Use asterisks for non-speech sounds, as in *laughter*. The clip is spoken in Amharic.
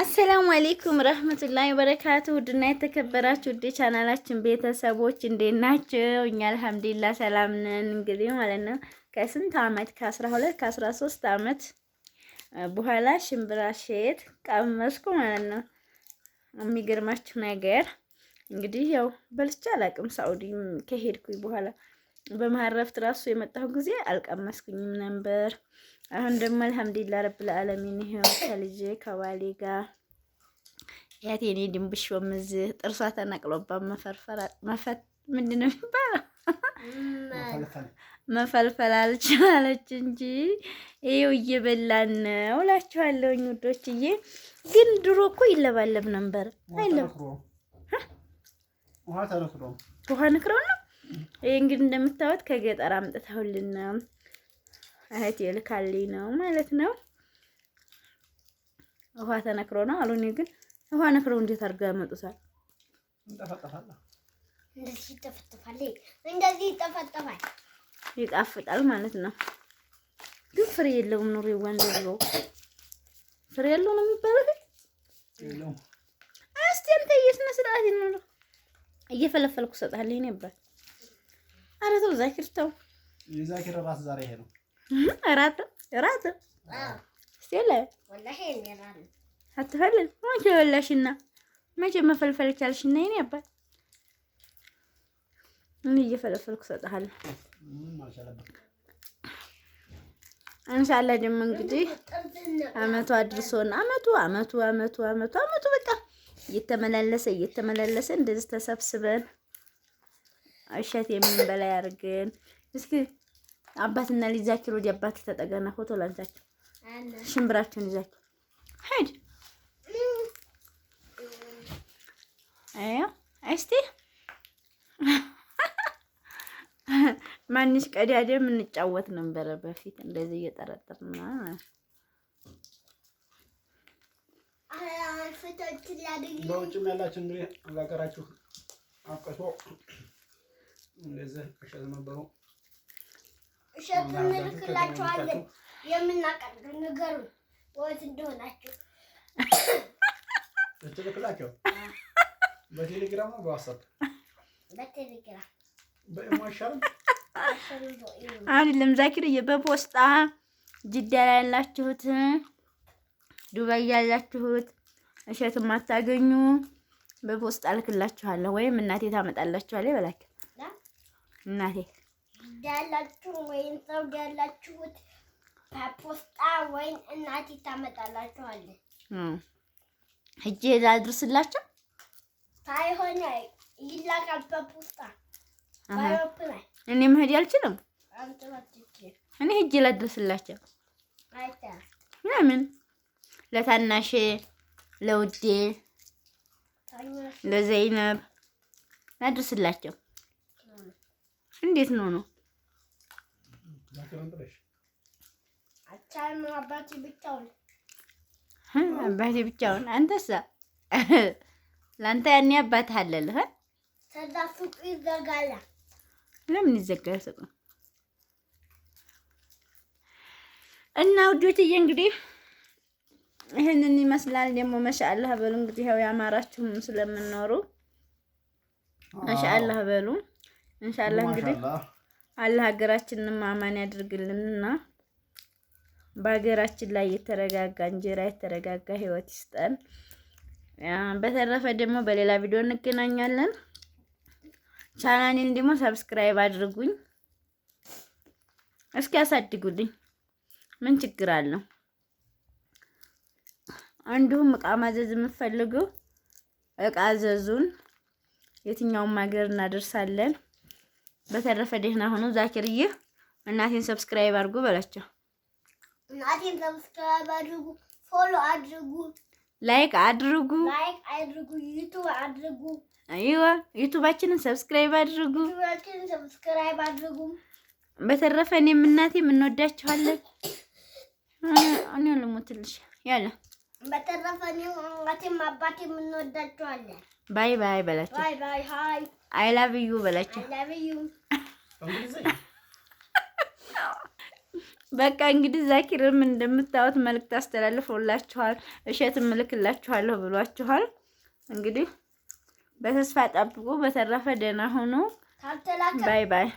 አሰላሙ አሌይኩም ረህመቱላሂ ወበረካቱ። ውድና የተከበራችሁ ውድ ቻናላችን ቤተሰቦች እንዴት ናቸው? እኛ አልሐምዱሊላህ ሰላም ነን። እንግዲህ ማለት ነው ከስንት ዓመት ከአስራ ሁለት ከአስራ ሶስት ዓመት በኋላ ሽምብራ ሼት ቀመስኩ ማለት ነው። የሚገርማችሁ ነገር እንግዲህ ያው በልቼ አላቅም። ሳኡዲ ከሄድኩኝ በኋላ በመሀረፍት ራሱ የመጣሁ ጊዜ አልቀመስኩኝም ነበር አሁን ደግሞ አልሐምዱሊላ ረብል ዓለሚን ይሄው ከልጄ ከባሌ ጋር ያቴኔ ድንብሽ ወምዝ ጥርሷ ተነቅሎባ መፈርፈራ መፈት ነው የሚባለው? መፈልፈል አልቻለች እንጂ ይኸው እየበላን ነው እላችኋለሁኝ ውዶችዬ። ግን ድሮ እኮ ይለባለብ ነበር። አይለም ውሃ ነክረው ነው ይህ እንግዲህ እንደምታዩት ከገጠር አምጥተውልን እህት የልካልኝ ነው ማለት ነው። ውሃ ተነክሮ ነው አሉ። እኔ ግን ውሃ ነክረው እንዴት አድርገው ያመጡታል? እንደዚህ ይጠፈጠፋል፣ ይጣፍጣል ማለት ነው። ግን ፍሬ የለውም። ኑሮ ይወንደው ፍሬ ያለው ነው የሚባለው። ግን እስቲ አንተ የስነ ስርዓት ነው እየፈለፈልኩ ሰጣለኝ ነበር። አረ ተው ዛኪር ተው፣ የዛኪር ራስ ዛሬ ይሄ ነው እራት እራት ስለ አትፈልም መቼ በላሽና መቼ መፈልፈል ቻልሽና የእኔ አባት እኔ እየፈለፈልኩ እሰጥሃለሁ። እንሻላ ደግሞ እንግዲህ አመቱ አድርሶን አመቱ አመቱ አመቱ አመቱ አመቱ በቃ እየተመላለሰ እየተመላለሰ እንደዚህ ተሰብስበን እሸት የምንበላ ያድርገን እስኪ አባትና ልጅ ይዛችሁ አባት ተጠጋና ፎቶ ላንሳችሁ። ሽምብራችሁን ይዛችሁ ሄድ አያ እስቲ *laughs* ማንሽ ቀዳዳ የምንጫወት ነበረ በፊት እንደዚህ እየጠረጠርና ማለት በውጭም ያላችሁ እንግዲህ አላቀራችሁ አቀሶ እንደዚህ እሸቱ እንልክላቸዋለን። የምናቀርብ ንገሩ ወት እንደሆናችሁ ልትልክላቸው በቴሌግራም ነው በዋትሳፕ በቴሌግራም በኢሞ አይሻልም? አይደለም ዛኪርዬ፣ በፖስጣ ጅዳ ላይ ያላችሁት፣ ዱባይ ያላችሁት እሸት ማታገኙ በፖስጣ እልክላችኋለሁ ወይም እናቴ ታመጣላችኋለች። እናቴ ያላችሁ ወይም ሰው ያላችሁት ፖስጣ ወይም እናቴ ታመጣላችኋለን። ሂጅ ላድርስላቸው ሳይሆን ይላካል በፖስጣ እኔ መሄድ አልችልም። እኔ ሂጅ ላድርስላቸው። ለምን ለታናሼ፣ ለውዴ፣ ለዘይነብ ላድርስላቸው። እንዴት ነው ነው አባቴ ብቻውን። አንተሳ ለአንተ ያኔ አባትህ አለልህ። ከዛ ሱቁ ይዘጋል። ለምን ይዘጋል ሱቁ? እና ውዶትዬ እንግዲህ ይህንን ይመስላል። ደግሞ መሻአላህ በሉ እንግዲህ ያው ያማራችሁም ስለምኖሩ መሻአላህ በሉ። እንሻአላህ እንግዲህ አለ ሀገራችንን ማማን ያድርግልንና በሀገራችን ላይ የተረጋጋ እንጀራ የተረጋጋ ህይወት ይስጠን። በተረፈ ደግሞ በሌላ ቪዲዮ እንገናኛለን። ቻናሌን ደግሞ ሰብስክራይብ አድርጉኝ፣ እስኪ ያሳድጉልኝ። ምን ችግር አለው? እንዲሁም እቃ ማዘዝ የምፈልገው እቃ ዘዙን የትኛውም ሀገር እናደርሳለን። በተረፈ ደህና ሆኖ ዛኪርዬ እናቴን ሰብስክራይብ አድርጉ በላቸው። እናቴን ሰብስክራይብ አድርጉ፣ ፎሎ አድርጉ፣ ላይክ አድርጉ፣ ላይክ አድርጉ፣ ዩቱብ አድርጉ። አይዋ ዩቱባችንን ሰብስክራይብ አድርጉ፣ ዩቱባችንን ሰብስክራይብ አድርጉ። በተረፈ እኔም እናቴም እንወዳችኋለን። እኔ ልሙትልሽ ያለ በተረፈ እኔም እናቴም አባቴም እንወዳችኋለን። ባይ ባይ በላቸው። ባይ ባይ ሃይ አይላብዩ በለች። በቃ እንግዲህ ዛኪርም እንደምታዩት መልእክት አስተላልፎላችኋል። እሸትም እልክላችኋለሁ ብሏችኋል። እንግዲህ በተስፋ ጠብቁ። በተረፈ ደህና ሁኑ። ባይ ባይ።